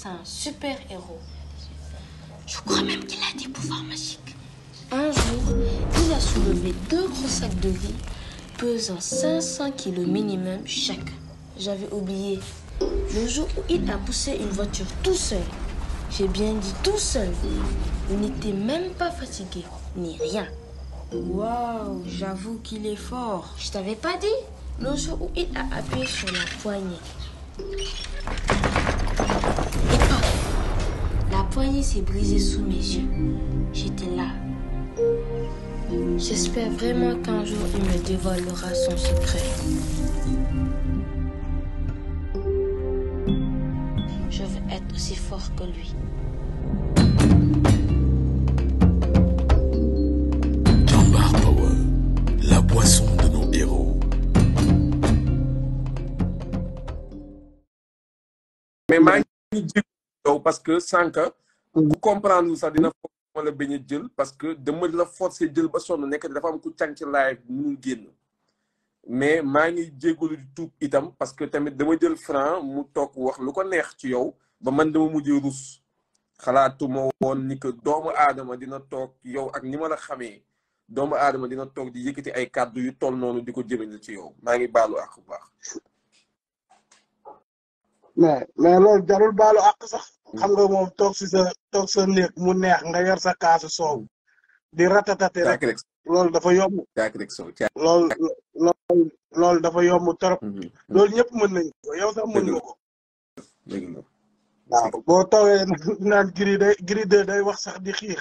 c'est un super héros. Je crois même qu'il a des pouvoirs Un jour, il a soulevé deux gros de riz pesant kilos minimum chacun. J'avais oublié. Le jour où il a poussé une voiture tout seul, j'ai bien dit tout seul, il n'était même pas fatigué, ni rien. Waouh, j'avoue qu'il est fort. Je t'avais pas dit le jour où il a appuyé sur la poignée. poignée s'est sous mes yeux. J'étais là. J'espère vraiment qu'un jour il me dévoilera son secret. Je veux être aussi fort que lui. Jambar Power, la boisson de nos héros. parce que sànka mm. bu comprendre sax dina foog la bañ a jël parce que dama la forcer jël ba sonn nekk dafa am ku càng ci live munul génn mais maa ngi jégalu di tuub itam parce que tamit dama jël franc mu toog wax lu ko neex ci yow ba man dama mujj rus xalaatuma woon ni que doomu aadama dina toog yow ak ni ma la xamee doomu aadama dina toog di yëkkati ay kàddu yu tool noonu di ko jëmale ci yow maa ngi baalu ak bu baax mais mais loolu jarul baalu ak sax hmm. xam nga moom toog si sa toog mu neex nga yor sa kaasu soow di ratatati rek loolu dafa yomb loolu loolu loolu dafa yombu trop hmm, hmm, loolu ñëpp mën nañ ko yow sax mën nga ko boo toogee naan giri day giri de day wax sax di xiix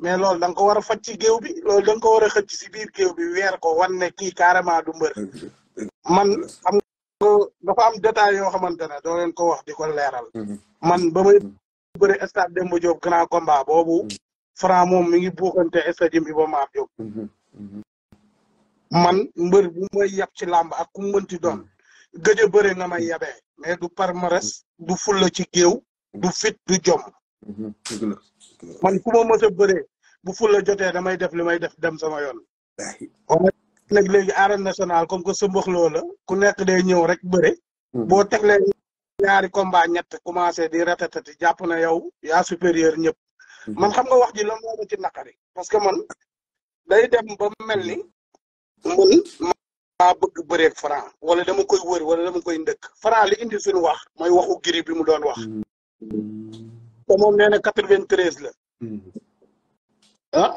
mais loolu da nga ko war a faj ci géew bi loolu da ko war a xëcc si biir géew bi weer ko wan ne kii carrément du mbër man xam dafa am détail yoo xamante ne doo leen ko wax di ko leeral. Mm-hmm. man ba may mm-hmm. bëri stade Demba Diop grand combat boobu. Mm-hmm. Franc moom mi ngi buuxante stade Iba Mar Diop. man mbër bu may yab ci làmb ak ku mënti doon gëj a bëri nga may yabee mais du palmarès du fulla ci géew du fit du jom. man ku ma mës a bu fulla jotee damay def li may def dem sama yoon. nag léegi arène nationale comme que sa mbox loola ku nekk day ñëw rek bëre. Mm-hmm. boo teg leen ñaari combat ñett commencé di ratatati jàpp na yow yaa supérieur ñëpp. Mm-hmm. man xam nga wax ji lan moo ma ci naqari parce que man day dem ba mel ni man maa bëgg bëreeg Franc wala dama koy wëri wala dama koy ndëkk Franc li indi suñu wax mooy waxu giri bi mu doon wax. Mm-hmm. te moom nee na quatre-vingt-treize la. ah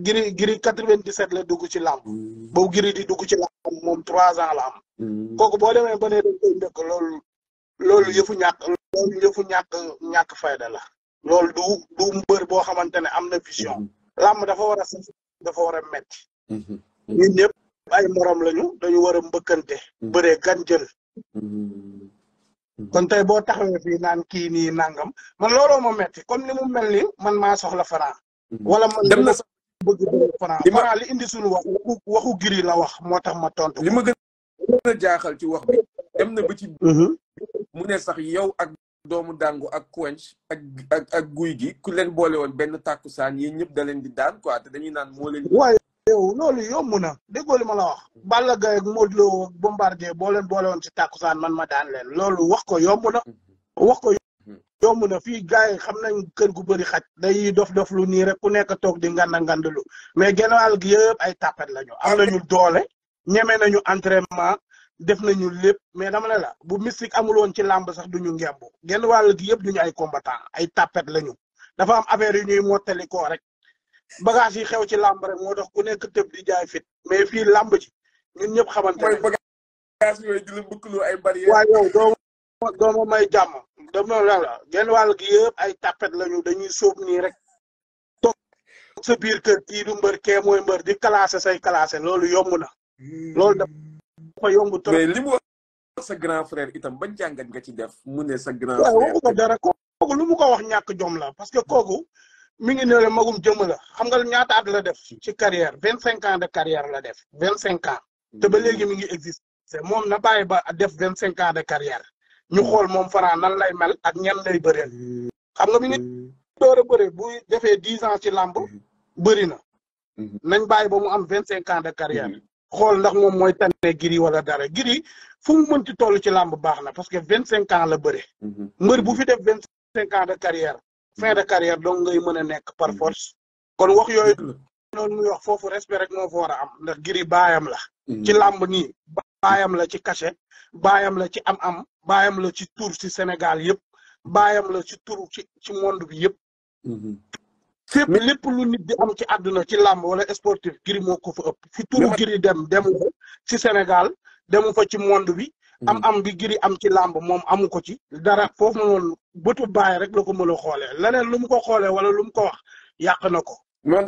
giri giri quatre-vingt-dix-sept la dugg ci làmb mm. boobu giri di dugg ci làmb moom trois ans la am mm. kooku boo demee ba ne dañ koy ndëkk loolu loolu yëfu ñàkk loolu yëfu ñàkk ñàkk la loolu du mbër boo xamante ne am na vision mm-hmm. làmb dafa war a dafa war a metti mm-hmm. ñun ñëpp ay morom lañu dañu war a mbëkkante mm-hmm. bëree ganjël kon tey boo taxawee fii naan kii nii nangam man looloo ma metti comme ni mu mel ni man maa soxla Franc wala man dem na sax bëgg bi ma Franc li indi suñu wax waxu giri la wax moo tax ma tontu. li ma gën a jaaxal ci wax bi dem na ba ci. Mhm. mu ne sax yow ak doomu dàngu ak Quench ak ak ak guy gi ku leen boole woon benn tàkkusaan yéen ñëpp da leen di daan ko te dañuy naan moo leen. waaye yow loolu yomb na déggoo li ma la wax. Balla Gaye ak Modou Lo ak Bombardier boo leen boole ci tàkkusaan man ma daan leen loolu wax ko yomb na. Mhm. wax ko yomb na fii gars yi xam na kër gu bëri xaj day dof dof lu nii rek ku nekk toog di nganda ngandalu mais genn wàll gi yëpp ay tàppet la ñu am ah, nañu doole ñeme nañu entraînement def nañu lépp mais dama ne la bu mystique amul woon ci làmb sax duñu ngembu genn wàll gi yëpp duñu ay combattant ay tàppet la ñu dafa am affaire yu ñuy mottali ko rek bagage yi xew ci làmb rek moo tax ku nekk tëb di jaay fit mais fii làmb ji ñun ñëpp xamante ne. mooy yow doo dooma may jàmm dama la la genn wàll gi yëpp ay tapet lañu dañuy sóob nii rek sa biir kër kii du mbër kee mooy mbër di classé say classé loolu yomb na loolu dafa yomb trop li mu wax sa itam ba jàngat nga ci def mu sa grand lu mu ko wax ñàkk jom la parce que kooku mi ngi ne la magum jëm la xam nga ñaata at la def ci carrière vingt cinq ans de carrière la def vingt cinq ans te ba léegi mi ngi existé moom na bàyyi ba def vingt cinq ans de carrière ñu xool moom Franc nan lay mel ak ñan lay bëreel xam nga mi ngi door a bëreel defee dix ans ci làmb bëri na nañ bàyyi ba mu am vingt cinq ans de carrière xool ndax moom mooy tane giri wala dara giri fu mu mënti toll ci làmb baax na parce que vingt cinq ans la bëre mbër bu fi def vingt cinq ans de carrière fin de carrière donc ngay mën a nekk par force kon wax yooyu noonu muy wax foofu respect rek moo fa war a am ndax giri baayam la ci làmb nii baayam la ci cachet baayam la ci am-am baayam la ci tur ci Sénégal yëpp baayam la ci tur ci ci monde bi yëpp. Mm-hmm. fépp lépp lu nit di am ci àdduna ci làmb wala sportif giri moo ko fa ëpp. fi turu giri dem demu fa ci Sénégal demu fa ci monde bi. Mm-hmm. am-am bi giri am ci làmb moom amu ko ci. dara foofu noonu bëtu baay rek la ko mën a xoolee leneen lu mu ko xoolee wala lu mu ko wax yàq na ko. non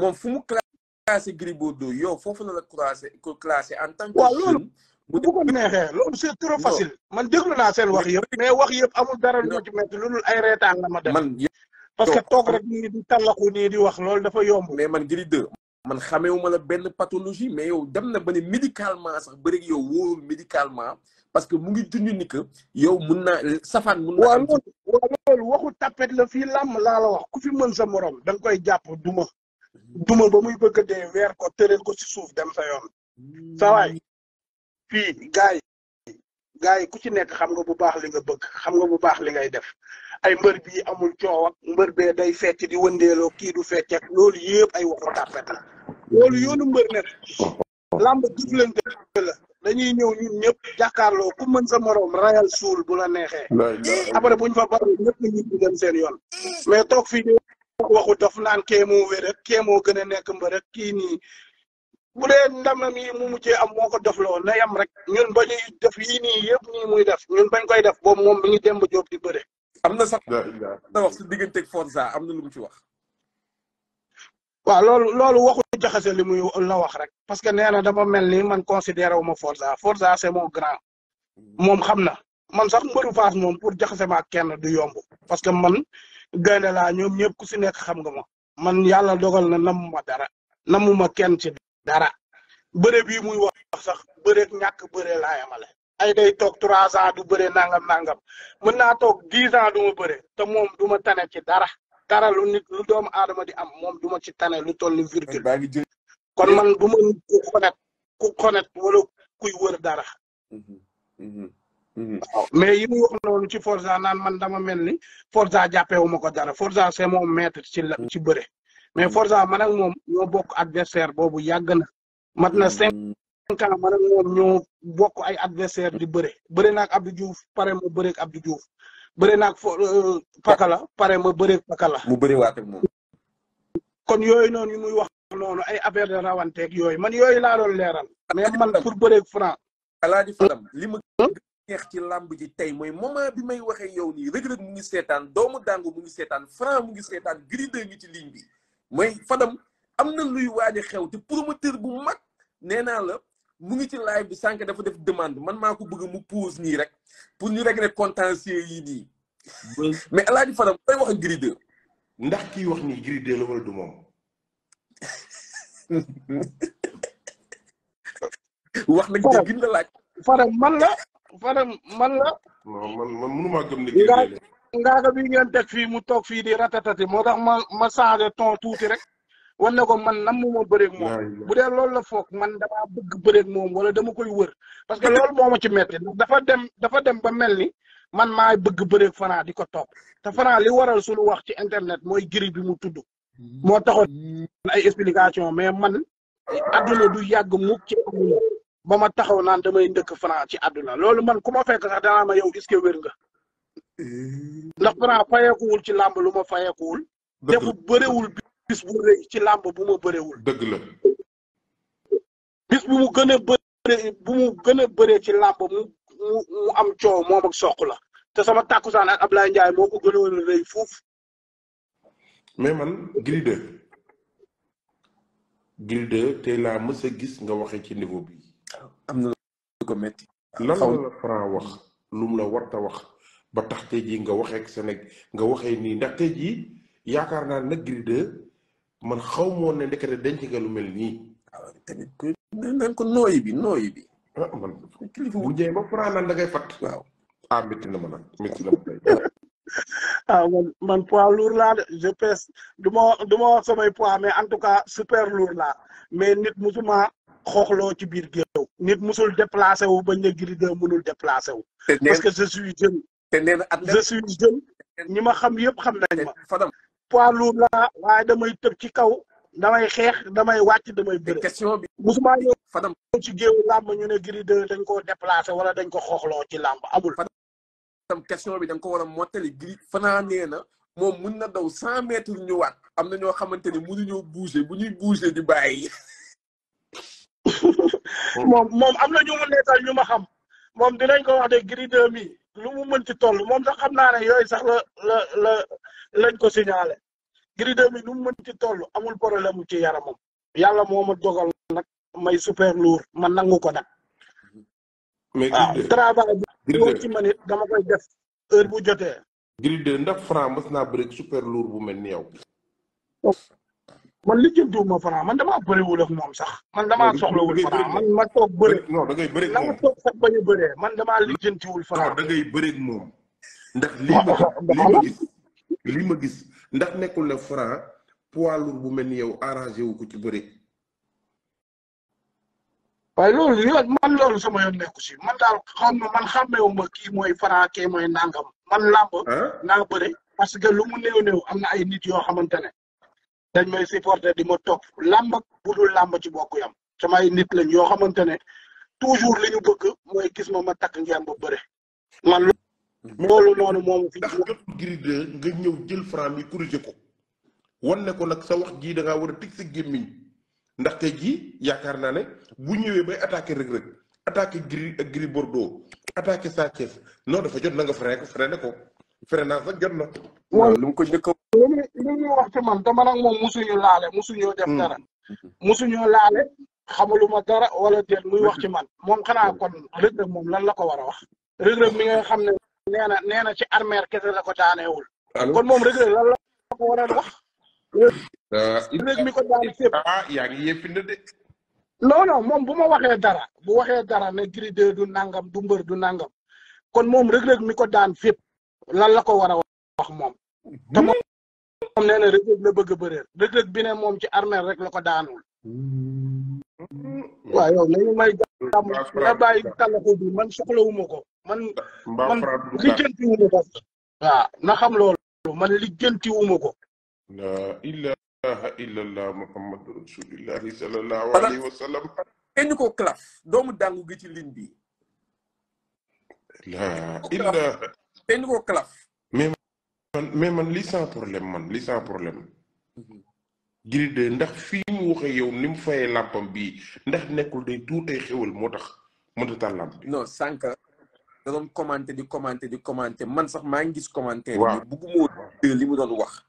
moom fu mu classé Gris Bordeaux yow foofu la la classé classé en tant que. waaw loolu bu ko neexee loolu c'est trop facile. man déglu naa seen wax yëpp. mais wax yëpp amul dara lu ma ci métti lu dul ay reetaan la ma def. man parce que toog rek nit di tàllaku nii di wax loolu dafa yomb. mais man Gris 2 man xamewuma la benn pathologie mais yow dem na ba ne médicalement sax bëri yow wóorul médicalement parce que mu ngi dund ni yow mun na safaan mun naa. waaw loolu waxu tapet la fii làmm laa la wax ku fi mën sa morom da nga koy jàpp duma duma ba muy bëgg de weer ko tëral ko ci suuf dem sa yoon sa waay hmm. fii gaay gaay ku ci nekk xam nga bu baax li bëgg xam nga bu baax li ngay def ay mbër bii amul coow mbër bee day fecc di wëndeeloo kii du fecc loolu yëpp ay waxu tàppet la loolu yoonu mbër nekk làmb jëflante la dañuy ñëw ñun ñëpp jàkkaarloo ku mën sa moroom rayal suul bu la neexee après buñ fa bari ñëpp ñu dem seen yoon mais toog fii waxu dof naan kee moo wér rek kee moo nekk mbër rek kii nii bu dee ndamam yi mu mujjee am moo ko dof la woon na yam rek ñun ba ñuy def yii nii yëpp nii muy def ñun bañ koy def boobu moom bi ñu dem ba jóob di bëre. am na sax na wax si digganteeg Forza am na lu mu ci wax. waaw loolu loolu waxu jaxase li muy la wax rek parce que nee na dama mel ni man considéré wu ma Forza Forza c'est grand mm. moom xam na man sax mbëru Fass moom pour jaxase ma ak kenn du yomb parce que man. gaynde laa ñoom ñëpp ku si nekk xam nga ma man yàlla dogal na namuma dara namuma kenn ci dara bëre bii muy wax sax bëreeg ñàkk bëre laa yemale ay day toog trois ans du bëre nangam nangam mën naa toog dix ans du ma bëre te moom du ma tane ci dara dara lu nit lu doomu aadama di am moom du ma ci tane lu toll ni virgule kon man du ma nit ku xonet ku xonet wala kuy wër dara mhm, mhm. Mhm. waaw mais yi mu ci Forza naan man dama mel ni Forza jàppeewu ma ko dara Forza c'est mon ci la ci bëre mais mhm. Forza man ak moom ñoo bokk adversaire boobu yàgg na mat na cinq mhm. ans man ak moom ñoo bokk ay adversaire di bëre bëre naag Abdou Diouf pare ma bëreeg Abdou Diouf bëre naag fo euh, Pakala pare ma bëreeg Pakala. mu bëri waat ak moom. noonu yu muy wax noonu ay affaire de rawanteeg yooyu man yooyu laa doon leeral. mais man pour bëreeg franc. alaaji Fadam li neex ci làmb ji tey mooy moment bi may waxee yow nii rëg-rëg mu ngi seetaan doomu dàngu mu ngi seetaan franc mu ngi seetaan grideur ngi ci ligne bi mooy fadam am na luy waaj a xew te promoteur bu mag nee naa la mu ngi ci live bi sànq dafa def demande man maa ko bëgg mu pause nii rek pour ñu régler contentieux yii nii mais alaaji fadam koy wax ak grideur kii wax nii grideur du moom wax nag dëgg la laaj fadam man la Fadam man la. non man man mënuma ngeen teg fii mu toog fii di ratatati moo tax ma ma changé ton tuuti rek. wan ko man nam mu ma bëreeg moom bu dee loolu la foog man damaa bëgg bëreeg moom wala dama koy wër parce que loolu moo ma ci metti dafa dem dafa dem ba mel ni man maay bëgg bëreeg Franc di ko top te Franc li waral suñu wax ci internet mooy giri bi mu tudd moo taxoon ay explication mais man adduna du yàgg mu ci adduna ba ma taxaw naan damay ndëkk franc ci àdduna loolu man ku ma fekk sax danaa ma yow est-ce que eh. ndax franc fayeekuwul ci làmp lu ma fayeekuwul. dëgg defu bëriwul bu rëy ci làmb bu ma bëriwul. bis bu mu gën a bëree bu mu gën a bëree ci làmb mu mu am coow moom ak soq la te sama tàkkusaan ak Ablaye Ndiaye moo ko gënoon a rëy foofu. mais man Gris 2. Gris tey laa mës gis nga waxee ci niveau bi. am lan la Franc wax lu mu la warta wax ba tax tey ji nga waxee ak nga waxee nii ndax tey jii yaakaar na na Gris 2 man xaw ma woon ne ndekete denc nga lu mel nii. waaw ah, tamit ku naan ko nooyi bi ah, man bu ñëwee ba Franc naan da fat. waaw ah na ma nag métti na ma ah, man man poids lourd de je pèse du ma du ma wax samay poids mais en tout cas super lourd laa mais nit musuma xooxloo ci biir géew nit musul déplacé wu bañ ne Gris 2 mënul déplacé wu. parce que je suis jeune. te nee na je suis jeune. ñi ma xam yëpp xam nañ ma. Fadam poids lourd laa waaye damay tëb ci kaw damay xeex damay wàcc damay bëre. question bi musuma yow. Fadam ci géewu làmb ñu ne Gris 2 dañ koo déplacé wala dañ ko xooxloo ci làmb amul. Fadam question bi da nga ko war a mottali Gris fanaanee na. moom mun na daw cent mètres ñëwaat am na ñoo xamante ni mënuñoo bouger bu ñuy bouger di bàyyi. moom moom am na ñu mu neetal ñu ma xam moom dinañ ko wax de Gris 2 mi lu mu toll moom sax xam naa ne yooyu sax la la la lañ ko signalé Gris 2 mi lu mu mënti toll amul problème ci yaramam yàlla moo ma dogal nag may super lourd man nangu ko nag. mais Gris 2 travail bi boo dama koy def heure bu jotee. Gris 2 ndax Franc mës naa bëri super lourd bu mel ni yow. Oh. man lijjantiwuma Franc man damaa bëriwul ak moom sax man damaa soxlawul Franc man ma toog bëri. ba ñu bëree man damaa lijjantiwul Franc. non da ngay lii ma gis ndax nekkul ne Franc bu mel ni yow arrangé wu ci bëri. waaye loolu li nekku si man daal xam na man xàmmeewuma kii mooy Franc kii parce que lu mu néew néew am ay nit yoo xamante ne. dañ may supporter di ma topp làmb bu dul làmb ci bokk yam samay nit lañ yoo xamante ne toujours li ñu bëgg mooy gis ma ma takk ngeen ba bëre man loolu noonu moom fi ndax jot Gris 2 nga ñëw jël Franc mi corriger ko wan ne ko nag sa wax jii da ngaa war a teg sa gémmiñ ndax tey jii yaakaar naa ne bu ñëwee bay attaqué Reug Reug attaqué Gris ak Gris Bordeaux attaqué Sa Thiès non dafa jot na nga freiné ko freiné ko freinage nag jot na. waaw lu mu ko njëkk a. li muy li muy wax ci man dama nag moom musuñu laale musuñu def hmm. dara. musuñu wala déet muy wax ci man moom xanaa kon Reug Reug moom lan la ko war a wax. Reug Reug mi nga xam ne nee na nee na ci armeer kese la ko daaneewul. kon moom Reug Reug la ko war a wax. Euh, Reug mi ko daan fépp. ah yaa ngi yëpp na de. bu ma waxee dara bu waxee dara ne Gris 2 du nangam du mbër du nangam kon moom Reug Reug mi ko daan fépp. lan la ko war a wax moom. moom hmm. moom nee na Reug a bëreel moom ci armeel rek la ko daanul. Hmm. waaw yow nañu may jàmm nga bàyyi talaxu bi man soxlawuma ko man man lijjantiwuma ko waaw na xam loolu man lijjantiwuma ko la ilaha illallah muhammadu rasulillahi sallallahu alayhi wa sallam kenn doomu dàngu gi ci ligne bi la kenn du ko kalaf. mais man mais man li sans problème man li sans problème. Mhm. Gris 2 ndax fii mu waxee yow ni mu fayee làmpam bi ndax nekkul day tuur ay moo tax mënut a taal làmp bi. sànq da doon commenté di commenté di commenté man sax maa ngi gis commentaire. waaw bugguma woon li mu doon wax.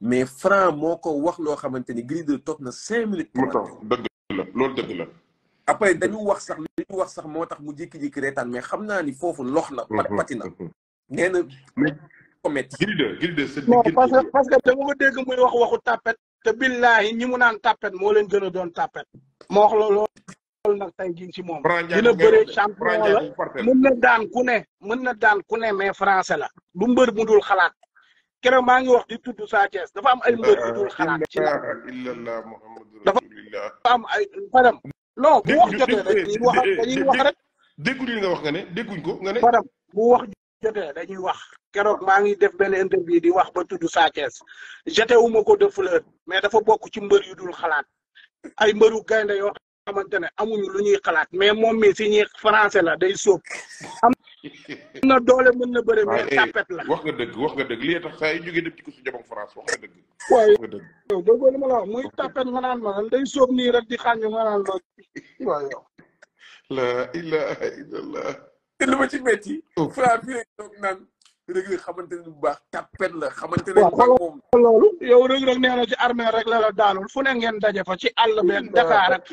mais Franc moo ko wax loo xamante ni Gris toog na cinq minutes. mu dëgg la loolu dëgg la. après dañu wax sax li wax sax moo tax mu jékki-jékki reetaan mais xam naa ni foofu lox na. Mhm, pati na mhm. nee na ko métti. parce que parce que dama ko dégg muy wax waxu tàppet te billahi ñi mu naan tàppet moo leen gën a doon tàppet. moo wax la loolu nag tey jii ci moom. dina bëree champion la mën na daan ku ne. mën na daan ku ne mais français la. du mbër mu dul xalaat. keroog maa ngi wax di tudd Sa Thiès dafa am ay mbër mu dul xalaat. ci la dafa am ay Fadam. non bu wax jotee rek dañuy nga wax nga ne dégguñ ko nga ne. Fadam bu wax. jotee dañuy wax keroog maa ngi def benn interview di wax ba tudd Sa Thiès jeté ko de fleur mais dafa bokk ci mbër yu dul xalaat ay mbëru gaynde yoo ne amuñu lu ñuy xalaat mais moom mi si ñi français day sóob am na doole mën na bëre mais eh, la wax nga dëgg wax nga dëgg li tax saa yi jógee dem ci ko su France wax nga dëgg waaye muy tapet nga naan ma day sóob nii rek di xàññu nga naan ma waaye yow la ilaha te lu ma ci métti. Fra fii rek toog naan xamante ne bu baax tapet la xamante ne. waaw moom loolu. yow Reug Reug nee na ci armée rek la la fu ne ngeen daje fa ci àll beeg Dakar ak.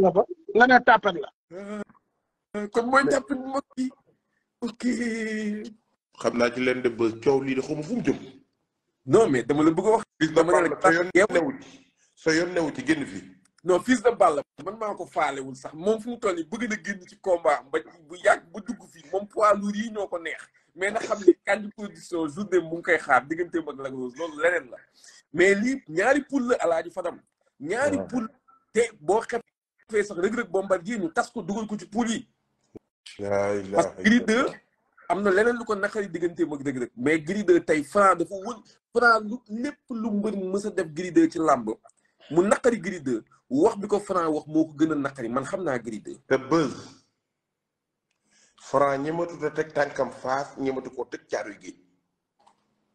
la fa nga ne tapet la. Euh, kon mooy tapet bu mag bi xam naa ci leen de ba coow lii de xaw ma fu mu mais dama la bëgg a wax. dama ne la sa yoon newu ci sa yoon newu ci génn fii. non fils de Balla man maa ko faalewul sax moom fu mu toll nii bëgg na génn ci combat ba bu yàgg ba dugg fii moom poids lourd yi ñoo ko neex mais na xam ne kàddu production journée mu ngi koy xaar digganteem ak Lac Rose loolu leneen la mais lii ñaari poule la alaaji Fadam ñaari poule te boo xefee sax Reug Reug Bombardier ñu tas ko dugal ko ci poule yi parce que Gris 2 am na leneen lu ko naqari digganteem ak Reug Reug mais Gris 2 tey Franc dafa wël Franc lu lépp lu mbër mës ci làmb mu naqari Gris 2 wax bi ko Franc wax moo ko gën a naqari man xam naa Gris 2. te Beuz Franc ñematut a teg tànkam faas ñematu koo teg caaru géej.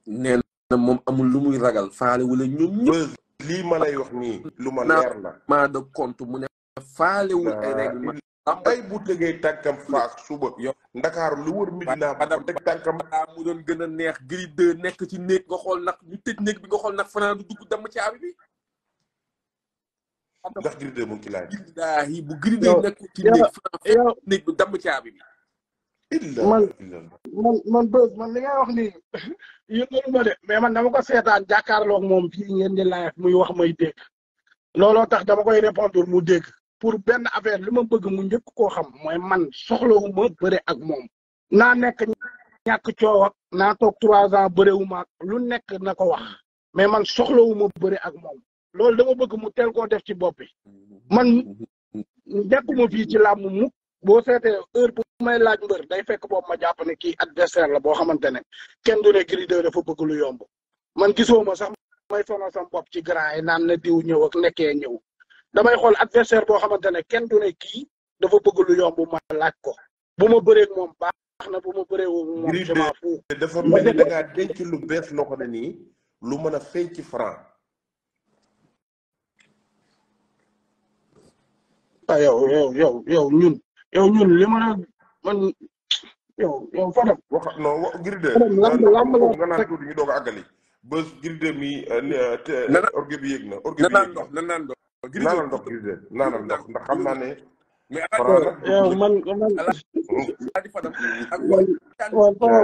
nee moom amul lu muy ragal faale wala ñoom lii ma lay wax nii lu ma leer la. ma de compte mu ne faalewul ay règlement. ay bu tegee tànkam faas suba. ndakaar lu wër Medina ba teg tànkam. mu doon gën a neex Gris nekk ci néeg nga xool nag ñu tëj bi nga xool nag Franc du dugg damm caabi bi. ndax Gris 2 bu ci néeg franc néeg bu damm caabi man man man bés man wax nii yëngalu ma mais man dama ko seetaan jàkkaarloog moom fii ngeen di laaj muy wax may dégg. looloo tax dama koy répondre mu dégg pour benn affaire li ma bëgg mu njëkk koo xam mooy man soxlawuma bëre ak moom. naa nekk ñàkk coow ak toog trois ans bëre wu ma lu nekk na ko wax mais man soxlawuma bëre ak moom. loolu dama bëgg mu teel koo def ci bopp bi man nekkuma fii ci làmb mukk boo seetee heure bu may laaj mbër day fekk boobu ma jàpp ne kii adversaire la boo xamante ne kenn du ne Gris 2 dafa bëgg lu yomb man gisoo ma sax may sonal sama bopp ci grand yi naan na diw ñëw ak nekkee ñëw damay xool adversaire boo xamante ne kenn du ne kii dafa bëgg lu yomb ma laaj ko bu ma bëree ak moom baax na bu ma bëree moom. je m'en fous dafa mel ni da ngaa denc lu bees loo xam ne nii lu mën a feeñ ci waaw yow yow yow yow ñun yow ñun li man yow yow Fadam. wax non wax Giride. lamb lamb la nga naan tuuti ñu doog a àggali. ba Giride mi. Euh, euh, orge bi yéeg na orge bi yéeg na. naanal ndox naanal ndox Giride naanal ndox ndax xam naa ne. mais yow euh, man man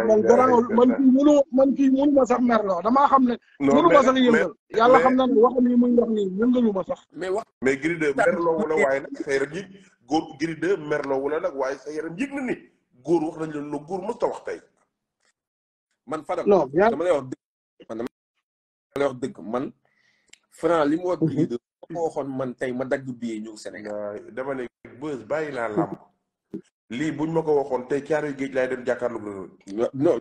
man garaawul munu man kii munu ma sax merloo damaa xam ne. munu ma sax yëngal yàlla xam na ne wax ni muy wax nii yëngalu ma sax. mais wax mais Gris 2 merloo wu la waaye nag sa yaram yëg góor Gris 2 merloo wu la nag waaye sa yaram yëg na ni góor wax nañ leen góor mosut wax tey. man Fadam non dama lay wax dëgg man dama lay wax dëgg man Franc li mhm. waxoon man tey ma dagg billet ñëw Sénégal dama buzz bàyyi laa làmb lii buñ ma ko waxoon te caaroy géej laay dem jàkkaarloog non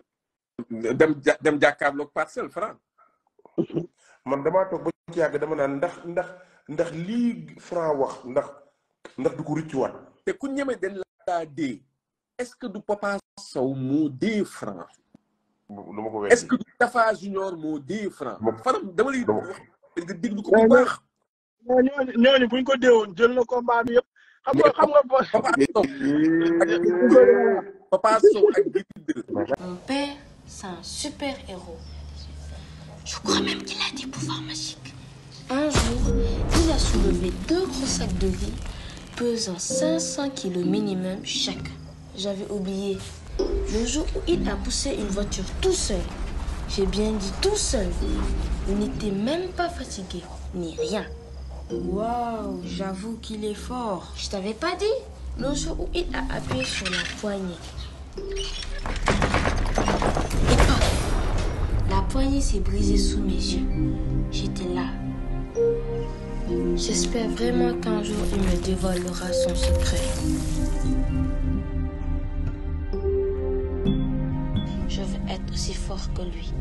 dem dem jàkkaarloog parcelle franc man damaa toog ba ci yàgg dama naan ndax ndax ndax lii franc wax ndax ndax du ko rëccuwaat te ku ñeme den laa dee est du Papa Sow moo dee franc du ma ko wér du Tafa Junior moo dee franc faram dama lay wax nga ko baax ñooñu buñ ko deewoon jël na combat bi yëpp xam xam nga bo Papa Sow ak Mon père, c'est un super héros. Je crois même qu'il a des pouvoirs magiques. Un jour, il a soulevé deux gros de riz pesant kilos minimum chacun. J'avais oublié. Le jour où il a poussé une voiture tout seul, j'ai bien dit tout seul, il n'était même pas fatigué, ni rien. Waouh, j'avoue qu'il est fort. Je t'avais pas dit le jour où il a appuyé sur la poignée. La poignée s'est brisée sous mes yeux. J'étais là. J'espère vraiment qu'un jour il me dévoilera son secret. Je veux être aussi fort que lui.